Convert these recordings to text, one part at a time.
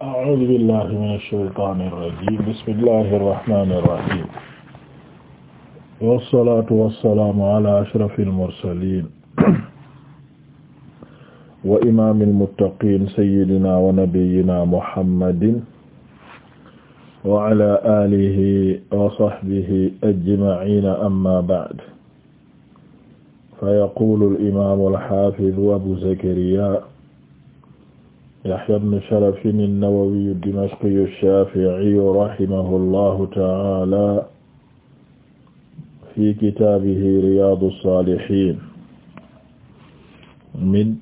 a'uuzu billahi mina shaytaani rajiim bismillahi rahmaani rahiim wassalaatu wassalaamu alaa ashrafil mursaliin wa imaamil muttaqiin sayyidinaa wa nabiyyinaa muhammadin wa alaa aalihi wa sahbihi ajma'iin ammaa ba'd fa yaquulul imaamul haafiz abu zakariyaa Yahya ibn Sharaf an-Nawawi ad-Dimashqi ash-Shafi'i rahimahu llahu ta'ala fi kitaabihi Riyaadu s-Saalihiin min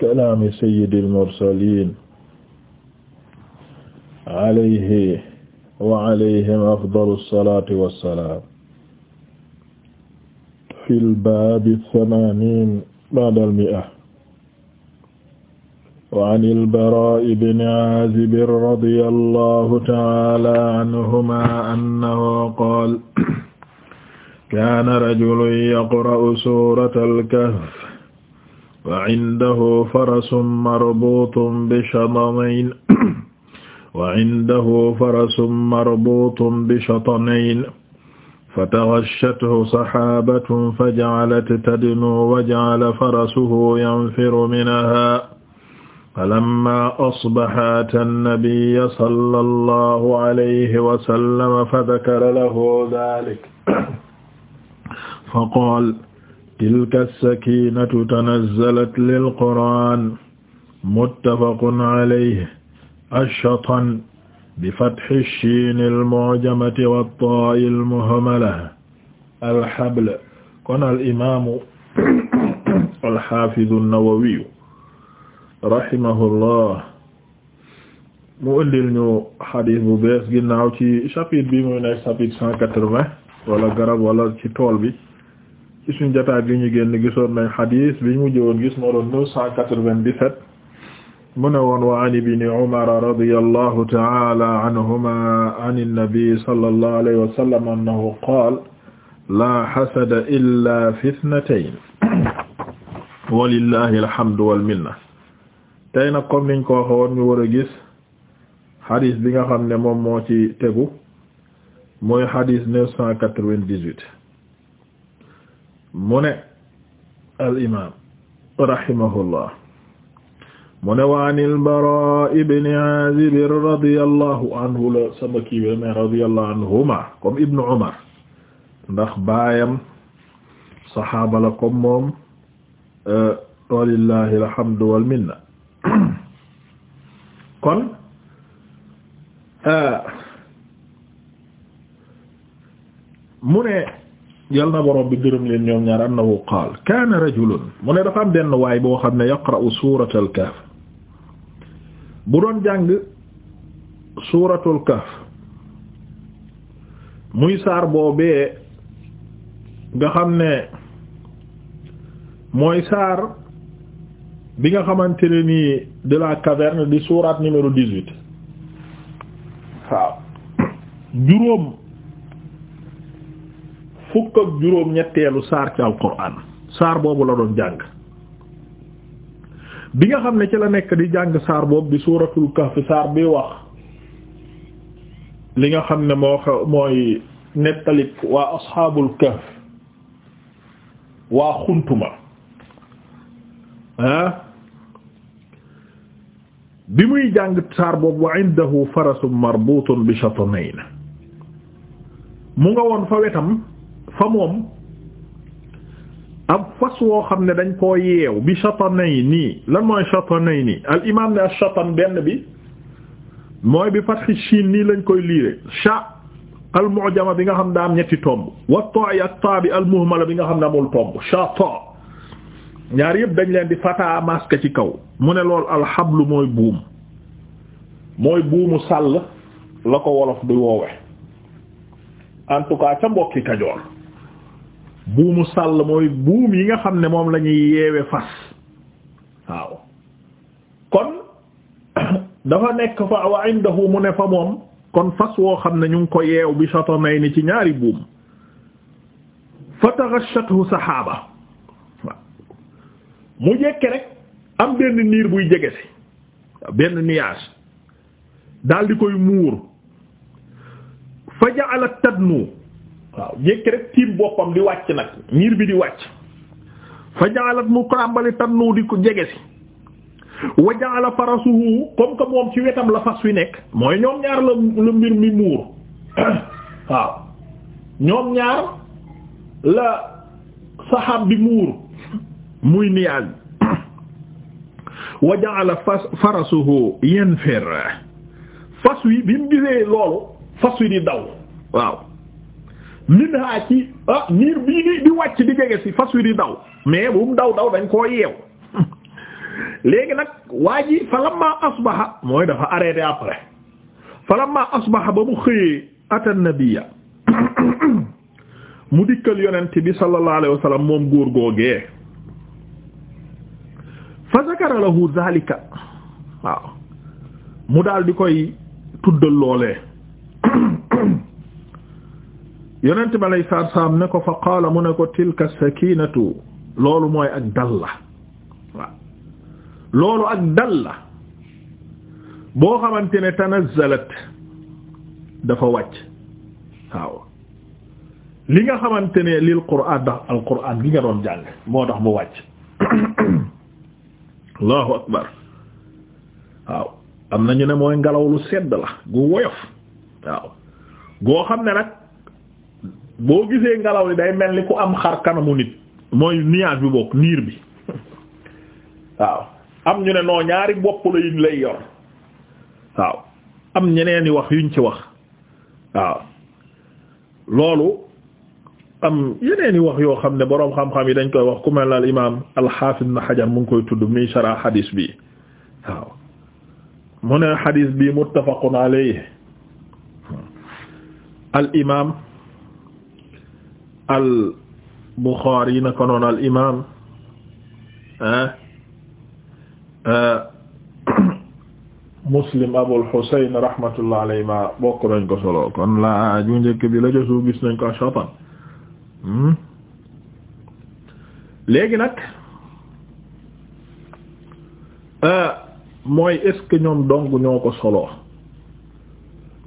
kalaami sayyidil mursaliin alayhi wa alayhim afdalu s-salaati wa s-salaam fil baabi ath-thamaaniin ba'da al-mi'a وعن البراء بن عازب رضي الله تعالى عنهما أنه قال كان رجل يقرأ سورة الكهف وعنده فرس مربوط بشطنين وعنده فرس مربوط بشطنين فتغشته سحابة فجعلت تدنو وجعل فرسه ينفر منها falamma asbaha ata nabiyya sallallahu alayhi wa sallam fadakara lahu daalik faqaala tilka as-sakiinatu tanazzalat lil qur'aan muttafaqun alayhi ash-shatan bi fathi shiin al-mu'jamati wa taa'i al-muhamala al-habl kon al-imaamu al-haafidu an-nawawi rahimahullah mu ëndil ñu xadis bu bees ginnaaw ci chapitre bi muy nekk chapitre cent quatre-vingt wala garab wala ci tool bi ci suñ jotaay bi ñu génn gisoon nañ xadis bi mu jëwoon gis moo doon neuf cent quatre-vingt-dix-sept mu ne woon wa an ibni umar radiyallahu ta'ala anhuma an an-nabi sallallahu alayhi wa sallam annahu qaala laa hasada illa fi ithnatayn walillahi alhamdu wal minna tey nag comme niñ ko waxe woon ñu war a gis xadis bi nga xam ne moom moo ci tegu mooy xadis neuf cent quatre vingt dix mu ne al imaam mu ne wa anil Baraa ibn Aazib radiyallahu anhu la sama kiiwe mais radiyallahu anhuma comme Ibn Umar ndax baayam saxaaba la moom euh, walillahi alhamdu wal kon euh, mu ne yal na borom bi gërëm leen ñoom ñaar annahu qaal kaana rajulun mu ne dafa am benn waay boo xam ne yaqra'u suuratul kahf bu doon jàng suuratul kahf muy saar boobee nga xam ne mooy saar bi nga xamante ne nii de la caverne di sourate numéro dix-huit waaw juróom fukk ak juróom ñetteelu saar ci alquran saar boobu la doon jàng bi nga xam ne ci la nekk di jàng saar boobu di suuratul kahf saar bi wax li nga xam ne moo xew mooy nettalik waa asxaabul kahf waa xuntuma ah bi muy jàng saar boobu wa indahu farasun marbutun bi shatanayn mu nga woon fa wetam fa moom ab fas woo xam ne dañ koo yeew bi shatanayni lan mooy shatanayni al imaam ne al shatan benn bi mooy bi fatxi shiin nii lañ koy liire sha al mu'jama bi nga xam daa am ñetti tomb wa ta'i at ta bi al muhmala bi nga xam ne amul tomb shata ñaar yëpp dañ leen di fataa masque ci kaw mu ne loolu alxablu mooy buum mooy buumu sàll la ko wolof du woowe en tout cas ca mbokki kajoor buumu sàll mooy buum yi nga xam ne moom la ñuy yeewe fas waaw kon dafa nekk fa wa indahu mu ne fa moom kon fas woo xam ne ñu ngi ko yeew bi shatanay ni ci ñaari buum fa taghashatu saxaaba mu jekke rek am benn niir buy jege si benn nuage daal di koy muur fa ja'ala tadnu waaw jékki rek tiim boppam di wàcc nag niir bi di wàcc fa ja'alat mu kàmbali tadnu di ko jege si wa ja'ala farasuhu comme ci wetam la fas wi nekk mooy ñoom ñaar la la mbir mi muur waaw ñoom ñaar la saxaab bi muur muy niyaaz wa ja'ala fas farasuhu yanfir fas wi bi mu gisee loolu fas wi di daw waaw minha ci ah niir bii di wàcc di jege si fas wi di daw mais bu mu daw daw dañ koo yeew léegi nag waa ji fa lamma asbaha mooy dafa arrêté après fa lamma asbaha ba mu xëyee ata nabiyya mu dikkal yonent bi sallallahu alayhi wa moom góor googee fa zakara lahu zalika waaw mu daal di koy tuddal loolee yonent bi alay saat salaam ne ko fa qaala mu ne ko tilka sakinatu loolu mooy ak dal la waaw loolu ak dal la boo xamante ne tanazzalat dafa wàcc waaw li nga xamante ne lil qur'aan dax al qur'aan gi nga doon jàng moo tax mu wàcc allahu akbar waaw am na ñu ne mooy ngelaw lu sedd la gu woyof waaw goo xam ne nag boo gisee ngelaw yi day mel ni ku am xar kanamu nit mooy nuage bi bokk niir bi waaw am ñu ne noo ñaari bopp la yuñ lay yor waaw am ñeneeni wax yuñ ci wax waaw loolu am yoo xam ne boroom xam-xam yi dañ koy wax ku mel al imaam al-Hafiz Ibn Hajar mu ngi koy tudd muy sharh xadiis bi waaw mu ne xadiis bi muttafaqun alayhi al imaam al Bukhari naka noonu al imaam ah, ah, Muslim Abul Husayn rahmatullah alayhi ma bokk nañ ko solo kon la ju njëkk bi la josu gis nañ ko ashatan Hmm. léegi nag euh, mooy est-ce que ñoom dong ñoo ko solo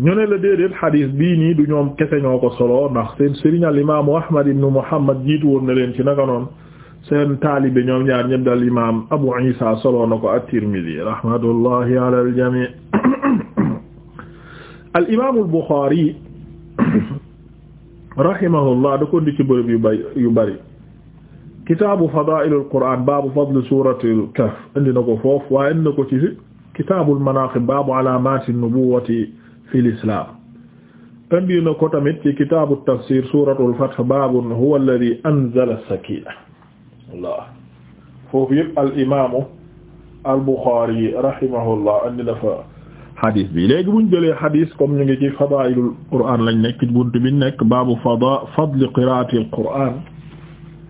ñu ne la déedéet xadiis bii nii du ñoom kese ñoo ko solo ndax seen sëriñ al imaamu ahmad ibnu muhammad jiitu woon na leen ci naka noonu seen taalibe ñoom ñaar ñëpp dal imaam abu isa solo na ko at-tirmidhi rahmatullahi ala al jamii al imaamul buxaari rahimahullah da ko ndi ci bërëb yu bay yu bari kitaabu fadaa'ilul qur'aan baabu fadli suuratil kahf indi na ko foofu waaye indi na ko ci kitaabul manaaqib baabu alaamaati nubuwwati fil islaam indi na ko tamit ci kitaabu tafsiir suuratul fath baabu huwa alladhii anzala as-sakiina Allah foofu yëpp al imaamu al buxaari rahimahullah indi na fa xadis bi léegi buñ jëlee xadis comme ñu ngi ci fadailul qur'an lañ nekk ci bunt bi nekk baabu fada fadli qiraatil qur'an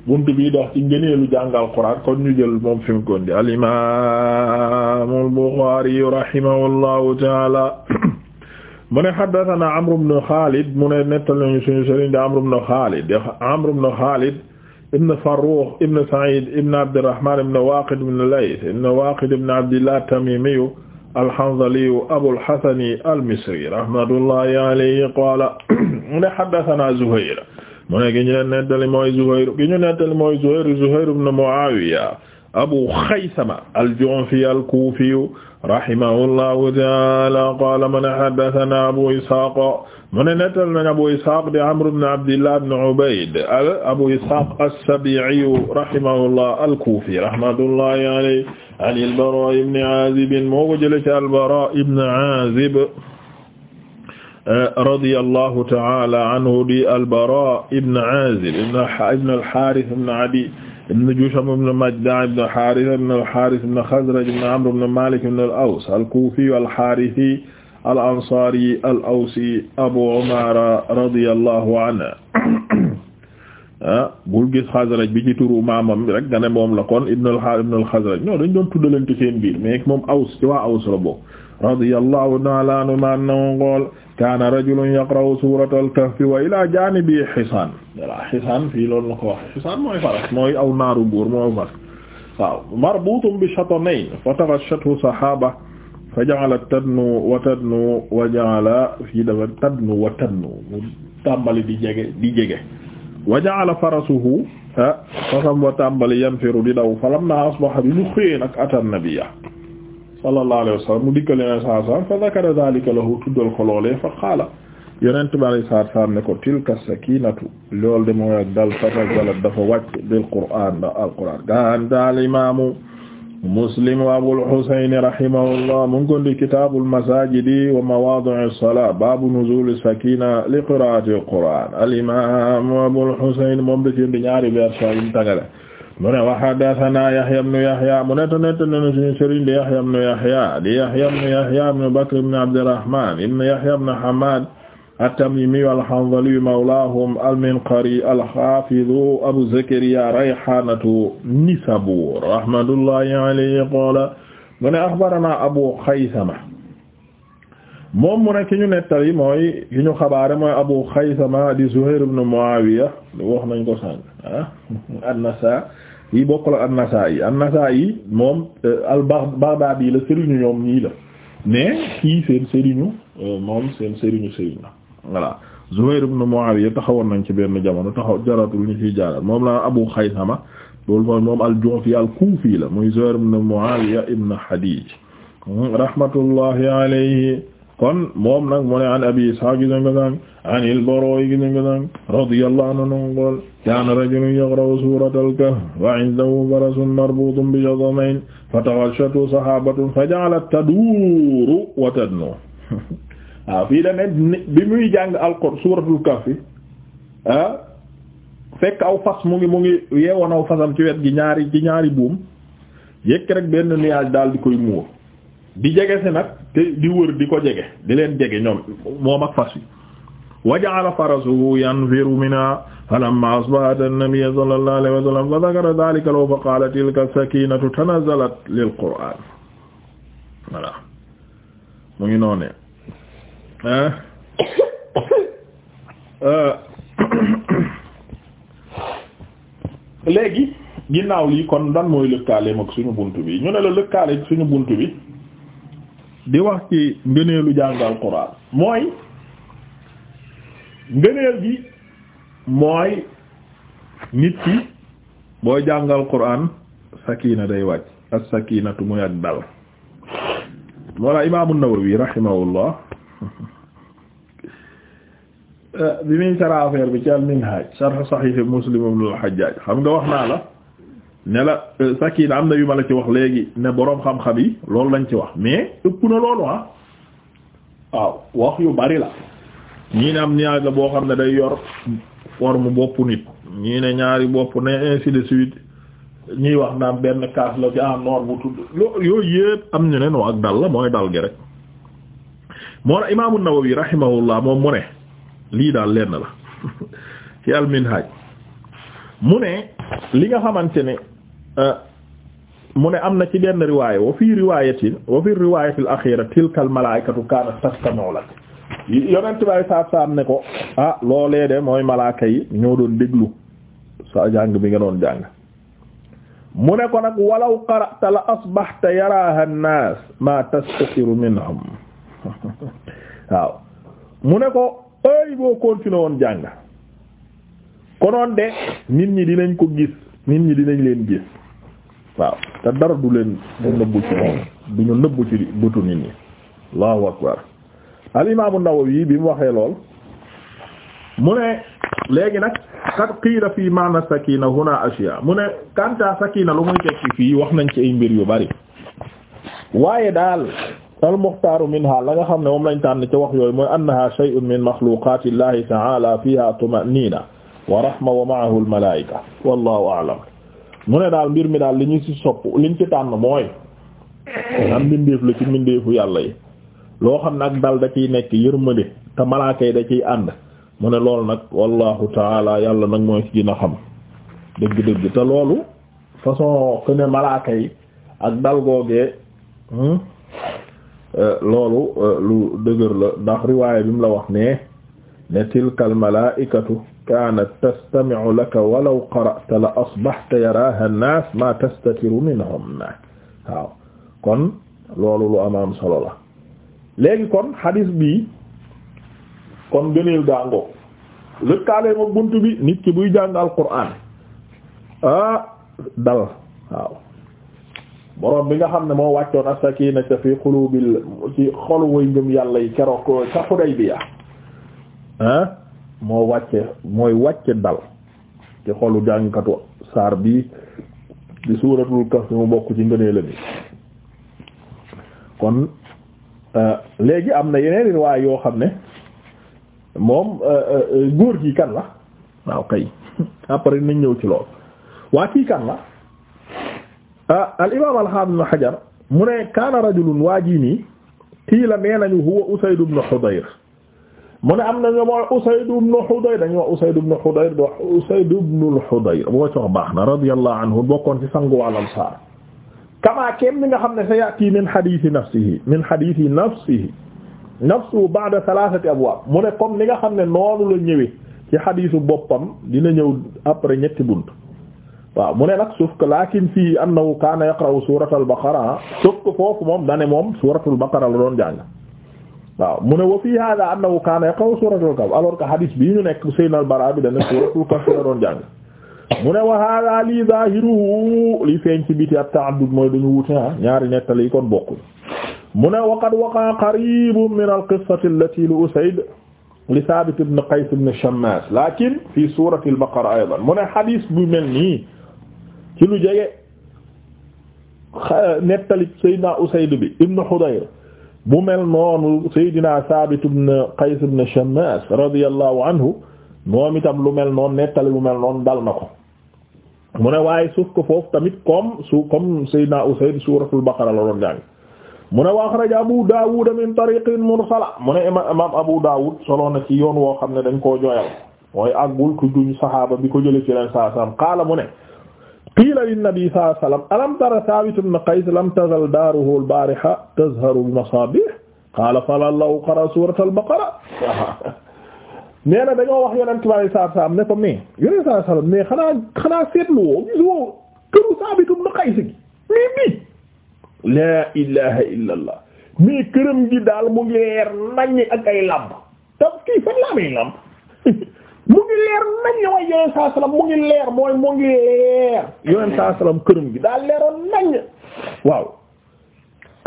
bunt bi dox ci ngëneelu jàngal qur'an kon ñu jël moom fi mu ko indi al imam al buxaari rahimahullahu taala mu ne xaddatana amr ibn xaalid mu ne nettal nañu suñu sëriñ de amr ibn xaalid de amr ibn xaalid ibn farrux ibn said ibn abdirahman ibn waaqid ibn layth ibn waaqid ibn abdillah tamimiyu alhanzaliyu abulhasani almisri rahmatullahi alayhi qaala mu ne haddathana Zuhayr mu ne gi ñu leen nettali mooy Zuhayr gi ñu nettali mooy Zuhayr Zuhayr ibn Muawiya Abu Khaysama al-Ju'fi al-Kufi rahimahullahu taala qala mu ne haddathana abu ishaq mu ne nettal nañ abu ishaq di amr ibn abdillah ibn ubayd abu ishaq as-sabi'i rahimahullah al-kufi rahmatullahi alayhi an al-bara ibn azib moo ko jële ci al-bara ibn azib eh, radiyallahu taala anhu di al-bara ibn azib ibn al-harith ibn adi ibn Jusham ibn Majda' ibn Haarith ibn al-Haarith ibn Khazraj ibn Amr ibn Malik ibn al-Aws al-Kufi al-Haarithi al-Ansari al-Awsi Abu Umaara radiyallahu anhu ah bul gis Xasraj bi ci turu maamam rek nga ne moom la kon ibn al ibn al Xasraj non dañ doon tuddalante seen biir mais moom Aws ci waa Aws la bokk radiyallahu ta'ala anhu kaana rajulun yaqra'u suuratal kahfi wa ilaa jaanibihi xisaan voilà xisaan fii loolu la ko wax xisaan mooy faras mooy aw naaru buur mooy fas waaw marbuutun bi shatanayni fataghashathu sahaaba fa ja'ala tadnu wa tadnu wa ja'ala fii dafa tadnu wa tadnu mu tàmbali di jege di jege wa ja'ala farasuhu fasam wa tàmbali yanfiru di daw falammaa asbaha bi mu xëyee nag ata nabiyya sallallahu alayhi wa sallam mu dikkal yeneen saa saam fa zakara zalika lahu tuddal ko loolee fa xaala yeneen tubaab yi saa saam ne ko tilka sakinatu loolu de mooy ak dal fatagalat dafa wàcc bil qur'aan da alqur'aan gaan daal imaamu muslim wa abul husayn rahimahullah mu ngi ko di kitaabul masaajidi wa mawaadi'is salaa baabu nuzuuli sakina li qiraa'atil qur'aan al imaam abul husayn moom da ci indi ñaari version yi mu tàggale mu ne wa haddathana Yahya ibn Yahya mu ne tanetta nena suñu sëriñ di Yahya ibn Yahya di Yahya ibn Yahya ibn Bakr ibn Abdurrahman ibn Yahya ibn Hamad at-Tamimi al-Hanzali mawlahum al-Minqari al-Hafiz Abu Zakariya rayhanatu Nisabur rahmatullahi alayhi qala mu ne akhbarana Abu Khaysama moom mu ne ki ñu nettali mooy ki ñu xabaare mooy Abu Khaysama di Zuhair ibn Muawiya wax nañ ko sànq ah an-Nasa yi bokk la an-Nasaa'i an-Nasaa'i moom euh, al-Baghdaadi la sëriñu ñoom ñii la mais kii seen sëriñu euh, moom seen sëriñu sëriñ la voilà Zuhayr ibn Mu'aawiya taxawoon nañ ci benn jamono taxaw jaratul ñu ciy jaaral moom la Abu Xaysama loolu mooy moom al-Ju'fi al-Kuufi la muy Zuhayr ibn Mu'aawiya ibn Hadiij hmm, rahmatullahi alayhi kon moom nag mu ne an Abi Ishaaq gis nga sang an al-Baraa gis nga sang radiyallahu anhu kaana rajulun yaqra'u suuratal kahf wa 'indahu farasun marbuutun bi jazamayn fatagashshatu sahaabatun faja'alat taduuru wa tadnu waaw fii da ne bi muy jàng alqur suuratul kahf ah fekk aw fas mu ngi mu ngi yeewoon aw fasam ci wet gi ñaari ci ñaari buum yëkk rek benn nuage daal di koy muur di jege si nag te di wër di ko jege di leen jege ñoom moom ak fas yi. wa ja'ala farasahu yanfiru minha falamma asbaha ata an-nabiyya sallallahu alayhi fa dhakara dhalika lahu fa qala tilka sakinatu tanazzalat lil qur'an voilà mu ngi noonu ne euh, léegi ginnaaw lii kon dan mooy lëkkaaleem ak suñu bunt bi ñu ne la lëkkaale suñu bunt bi di wax ci ngëneelu jàngal qur'an mooy ngëneel gi mooy nit ki boo jàngal quraan sakina day wàcc as-sakinatu muy ak dal moola imaamu Nawawi rahimahullah bi muy sara affaire bi ci al-Minhaj sharh Sahih Muslim ibn al xam nga wax naa la ne la euh, sakina am na yu ma la ci wax léegi ne boroom xam-xam yi loolu lañ ci wax mais ëpp na loolu ah waaw wax yu bari la ñii ne am niage la boo xam ne day yor forme bopp nit ñii ne ñaari bopp ne ainsi de suite ñii wax naan benn kaas la ci en ah noor bu tudd yooyu yëpp am ñu ne noo ak dal la mooy dal gi rek moo na imaamu Nawawi rahimahullah moom mu ne lii daal lenn la ci al mu ne li nga xamante ne euh, mu ne am na ci benn riwaaya wa fii riwaayatin wa fii riwaayatil axira tilkal malaa'ikatu kaanat tastami'u lak yonent baay saab saab ne ko ah loolee de mooy malaaka yi ñoo doon déglu sa jàng bi nga doon jàng mu ne ko nag walaw qara'ta la asbahta yaraaha naas ma tastaxiru minhum waaw mu ne ko ay boo continué woon jàng konoon de nit ñi dinañ ko gis nit ñi dinañ leen gis waaw te dara du leen du nëbbu ci moom du ñu nëbbu ci bëtu nit ñi allahu akbar al imaamu Nawawi bi mu waxee lool mu ne léegi nag qad qiila fii maana sakina huna ashiya mu ne kanta sakina lu muy tekki wax nañ ci ay mbir yu bari waaye daal al muxtaaru minha la nga xam ne moom lañ tànn ca wax yooyu mooy annaha shay'un min maxluqaati llahi ta'ala fiha tumanina wa wa ma'ahu al wallahu a'lam mu ne daal mbir mi daal li ñu ci sopp liñ ci tànn mooy am mbindeef la ci mbindeefu yàlla yi loo xam ne ak dal da ciy nekk yërmande te malaaka yi da ciy ànd mu ne loolu nag wallahu taala yàlla nag mooy ci gën a xam dëgg-dëgg te loolu façon que ne malaaka ak dal googee hmm? euh, loolu euh, lu dëgër la ndax riwaaya bi mu la wax ne ne tilka al malaikatu kaanat tastami'u laka walaw qara'ta la asbahta yaraaha naas ma tastatiru minhum waaw kon loolu lu amaam solo la léegi kon hadis bii kon gëneel gàngoo lëkkaale ma bunt bi nit ki buy jàng alquran ah dal waaw borom bi nga xam ne moo wàccoon as-sakinata fi qulubil ci xolu way ngëm yàlla yi keroog ca Hudaybiya ah moo wàcce mooy wàcce dal ci xolu jàngkatu saar bi di suuratul kahf mu bokk ci ngëneela bi kon Euh, léegi am na yeneen riwaay yoo xam ne moom euh, euh, góor gi kan la waaw kay après nañ ñëw ci lool waa kii kan la ah, al imaam al haafid ibn hajar mu ne kaana rajulun waa jii nii kii la nee nañu huwa usayd ibn hudayr mu ne am nañu mooy usayd ibn hudayr dañu wax usayd ibn hudayr do usayd ibn al hudayr boo ci wax baax na radiyallahu anhu bokkoon ci sangu al ansaar kamaa keem li nga xam ne sa yati min hadithi nafsihi min hadithi nafsihi nafsu ba'da thalathati abwaab mu ne comme li nga xam ne noonu la ñëwee ci xadisu boppam dina ñëw après ñetti bunt waaw mu ne nag sauf que lakin fii annahu kaana yaqra'u suuratul baqara sauf que foofu moom dane moom suuratul baqara la doon jàng waaw mu ne wa fii hada annahu kaana yaqra'u suuratul kahf alors que hadis bi ñu nekk Seydina al-Bara bi dane suuratul kahf la doon jàng mu ne wa hada lii zahiruhu li feeñ ci biti ab ta'addud mooy dañu wuute ah ñaari nettali yi kon bokkul mu ne waqad waqa qaribun min al-qissati allati li Usayd li Thabit ibn Qays ibn Shammas lakin fi surati al-Baqara aydan mu ne hadis bu mel nii ci lu jege nettali Seydina Usayd bi ibn Hudayr bu mel noonu Seydina Thabit ibn Qays ibn Shammas radiyallahu anhu moom itam lu mel noonu nettali lu mel noonu dal na ko mu ne waaye suuf ko foofu tamit comme su comme Seydina Usayd suuratul Baqara la doon jàng mu ne wa axraja Abu Daawud min tariqin mursala mu ne imaam Abu Daawud solo na ci yoon woo xam ne dañ koo jooyal mooy àggul tudduñu saxaaba bi ko jëlee ci leen saa saam qaala mu ne qiila linnabi saa sallam alam tara Saabit ibn Qays lam tazal daaruhu al-baariha tazharu bi masaabih qaala falaa lahu qara suuratal Baqara nee na dañoo wax yonent bi sallallahu alayhi ne ko mais yonent sallallahu alayhi wasallam xanaa xanaa seetlu woo gisoo këru Saabit ibn Qays gi mii mii laa ilaha illa allah mais gi daal mu ngi leer naññ ak ay làmp te kii fan la amee làmp mu ngi leer naññ waaye yonent sallallahu alayhi mu ngi leer mooy mu ngi leer yonent sallallahu alayhi wasallam këram gi daal leeroon naññ waaw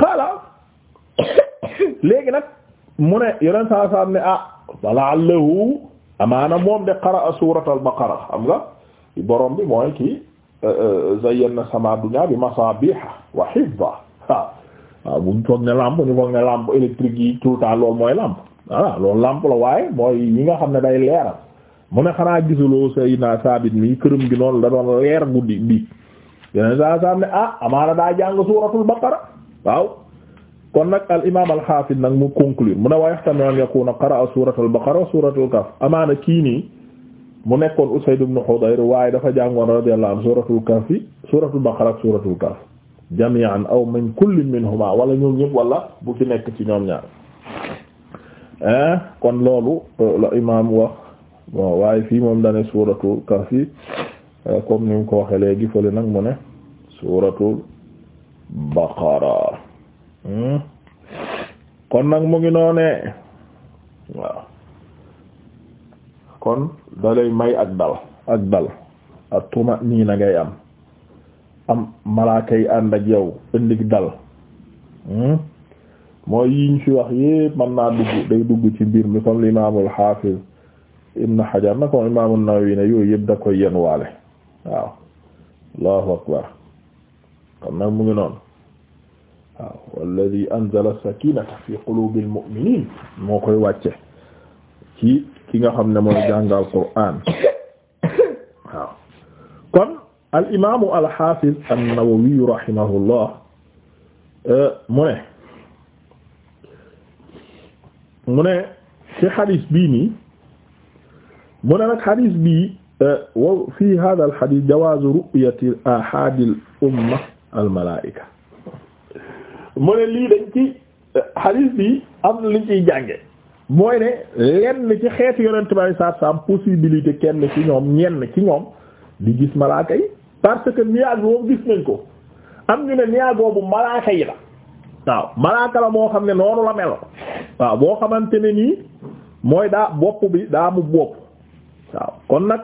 xaala léegi nag mu ne yeneen saa saa ne ah walla allahu amaana moom de qara suuratul baqara xam nga borom bi mooy kii euh, euh, zayyana sama dunya bi masabiha waaw bu ñu foog ne lampe ñu foog ne lampe électrique yi tout le mooy lampe voilà loolu lampe la waaye mooy yi nga xam ne day leeral mu ne xanaa gisuloo Seydina Saabit mi këram gi noonu da doon leer guddi bi yeneen saa saa ne ah amaana daa jàng suuratul baqara waaw. kon nag al imaam nag mu conclure mu ne wa yaxtamilu an yakuuna qara'a suuratul baqara wa suuratul amaana kii nii mu nekkoon Usayd ibn Hudayr waaye dafa jàngoon radiyallahu anhu suuratul kahf suuratul baqara ak suuratul aw min kullin minhuma wala ñoom ñëpp wala buki nekk ci ñoom ñaar eh, kon loolu euh, la imaam wax waaye fii moom dane suuratul kahf euh, comme ni mu ko waxee léegi fële nag mu ne suuratul baqara Hmm? kon nag mu ngi noonee waaw kon dalay may ak dal ak dal ak tuma nii na ngay am am malaaka yi ànd ak yow ëndig dal hmm? mooy yi ñu fi wax yépp man naa dugg day dugg ci mbir mi comme l'imamul hafiz ibn Hajar na ko imam an-Nawawi ne yooyu yëpp da koy yenwaale waaw allahu akbar kon nag mu ngi noonu waaw walladi anzala sakinata fi qulubil mu'minin moo koy wàcce ci ki nga xam ne mooy jàngal qur'an waaw kon al imaamu al hafiz an-Nawawi rahimahullah eh, mu ne mu ne ci xadis bii nii mu ne nag xadis bii eh, wa fi hadha al hadith jawaazu ru'yati ahadil umma al malaa'ika mu ne lii dañ ci hadith bi am na liñ ciy jànge mooy ne lenn ci xeetu yonent bi saa saa am possibilité kenn ci ñoom ñenn ci ñoom di gis malaaka yi parce que niyaag boobu gis nañ ko am ñu ne niyaag boobu malaaka yi la waaw malaaka la moo xam ne noonu la mel waaw boo xamante ne nii mooy daa bopp bi daa mu bopp waaw kon nag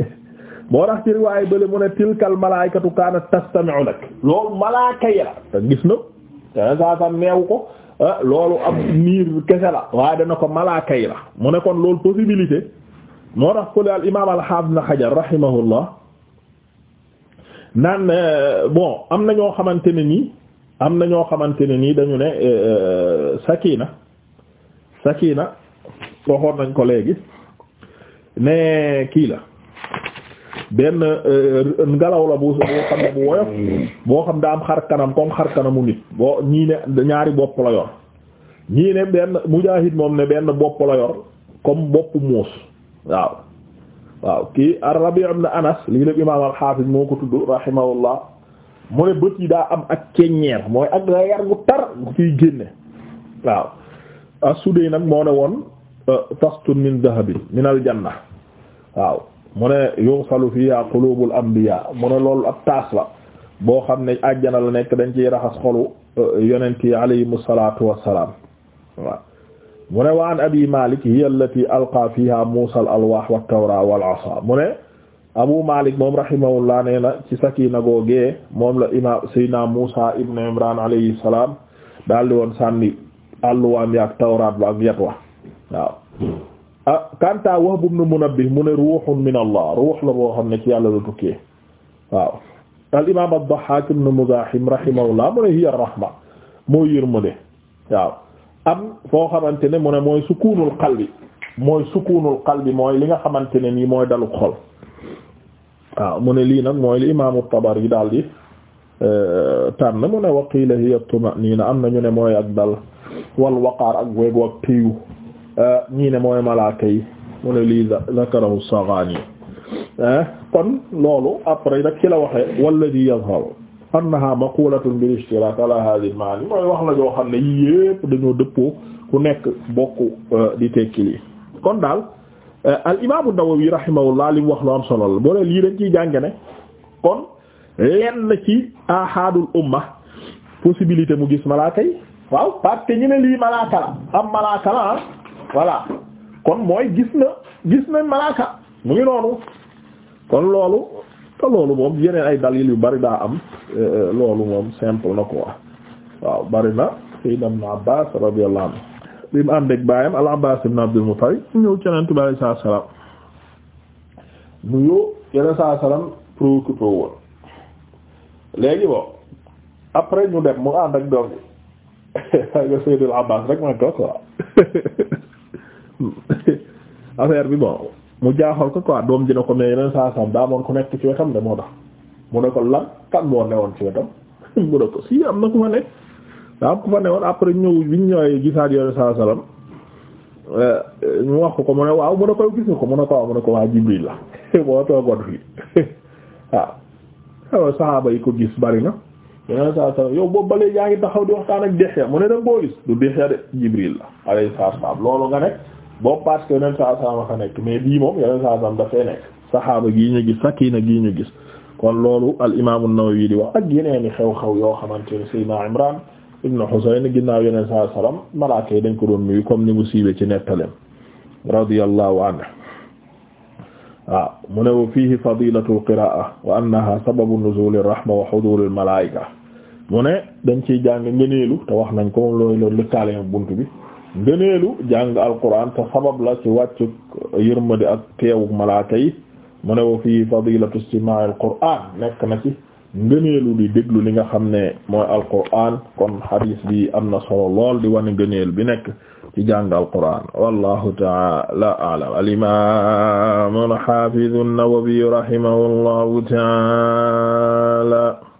moo tax ci riwaay bële mu ne tilkal malaayikatu kaanat tastami'u lak loolu malaaka la te gis na saa sam neewu ko ah, loolu am niir kese la waaye dana ko malaaka yi la mu ne kon loolu possibilité moo tax fële al imaam al hafiz na xajar rahimahullah naan bon am na ñoo xamante ne nii am na ñoo xamante ne nii dañu ne eh, eh, sakina sakina waxoon nañ ko léegi ne kii la benn euh, ngelaw la bu boo xam ne bu woyof hmm. boo xam daa am xar kanam comme xar kanamu nit boo ñii ne ñaari bopp la yor ñii benn mujaahid moom ne benn bopp la yor comme boppu muus waaw waaw kii ar-Rabi' ibn Anas lii la imaam al-Hafiz moo ko tudd rahimahullah mu ne bët yi daa am ak ceññeer mooy ak la yar gu tar gu fiy génne waaw as-Suddi nag moo ne woon tastun euh, min dahabin min al janna waaw mu ne yuxsalu fiha qulubul anbiya mu ne loolu ab taas la boo xam ne àjjana la nekk dañ ciy raxas xolu euh, yonent yi alayhimu salaatu wassalaam waaw mu ne wa an abi malik hiya allati alqa fiha muusa al alwaax wa tawra wal asa mu ne abu malik moom rahimahullah nee na ci sakina googee moom la imam saydna muusa ibn imran alayhi salaam daal di woon sànni àlluwaam yaak tawraat ba ak yat wa waaw ah kanta Wahb ibn Munabbih mu ne ruuhun min Allah ruux la boo xam ne ci yàlla la tukkee waaw al imaam ad-Dahhaak ibn Muzaahim rahimahullah mu ne hiya rahma mooy yërmande waaw am foo xamante ne mu ne mooy sukuunul qalbi mooy sukuunul qalbi mooy li nga xamante ne nii mooy daluk xol waaw mu ne lii nag mooy li imaam at-Tabari daal di eh, tànn mu ne wa qiila hiya at-tuma'niina am na ñu ne mooy ak dal wal waqaar ak weegu ak téyu ñii ne mooy malaaka yi mu ne lii zakarahu as-Saghani eh, kon loolu après nag ci la waxee walladhi yadhharu annaha maqulatun bil ishtirak ala hadhihi al-ma'ani mooy wax la joo xam ne yii yépp dañoo dëppoo ku nekk bokk eh, di tekki lii kon daal eh, al imaamu Nawawi rahimahullah li mu wax lu am solo la boo leen lii dañ ciy jànge ne kon lenn ci ahadul umma possibilité mu gis malaaka waaw parce que ne lii malaaka la am malaaka la ah. voilà kon mooy gis na gis na malaaka mu ngi noonu kon loolu te loolu moom yeneen ay dalil yu bari daa am euh, euh, loolu moom simple na quoi waaw bari na sayyidna ibn Abbas radiyallahu anhu bi mu ànd ak baayam al-Abbas ibn Abdul Muttalib ñëw ci Yonent bi sallallahu alayhi wasallam nuyoo Yonent sallallahu alayhi wasallam préoccupé woon léegi bon après ñu dem mu ànd ak doom bi ay nga sayyidul Abbas rek ma toog quoi affaire bi bon mu jaaxal ko quoi doom dina ko mais yeneen saa sam daa moon ko nekk ci wetam de moo tax mu ne ko lan kan moo newoon ci wetam mu ne ko am na ku fa nekk daa am ñëw biñ ñëwee gisaat yeneen saa eh, wax ko ko mu ne waaw mu ne ko gis ko mu ko waaw mu ne ko waa Jibril la boo toogoon fii waaw saxaaba yi ko gis bari na yeneen saa salaam yow boobu ba léegi yaa ngi taxaw di waxtaan ak Dihya mu ne da nga gis du Dihya de Jibril la alayhi salaam loolu nga nekk. boobu parce que yeneen saa saa ma fa nekk mais bii yeneen saa saa dafay nekk saxaaba gii ñu gis sakina gii ñu gis kon loolu al imaam an di wax ak yeneeni xew-xew yoo xamante ne Seydina Imran ibn Husayn ginnaaw yeneen saa salaam malaaka yi dañ ko doon nuyu comme ni mu siiwee ci nettaleem radiyallahu anhu waaw ah, mu ne wa fiihi fadilatul qira'a wa annaha sababu nuzulir rahma wa huduril malaa'ika mu ne dañ ciy jàng wax nañ ko loolu loolu lëkkaale bunt bi ngëneelu jàng alquran te sabab la ci wàccu yërmande ak teewuk malaaka yi mu ne wa fii fadilatu istima' alquran nekk na ci ngëneelu di déglu li nga xam ne mooy alquran kon hadis bi am na solo di wane ngëneel bi nekk ci jàng alquran wallahu ta'ala a'lam al-imam al-hafiz an-Nawawi rahimahullahu ta'ala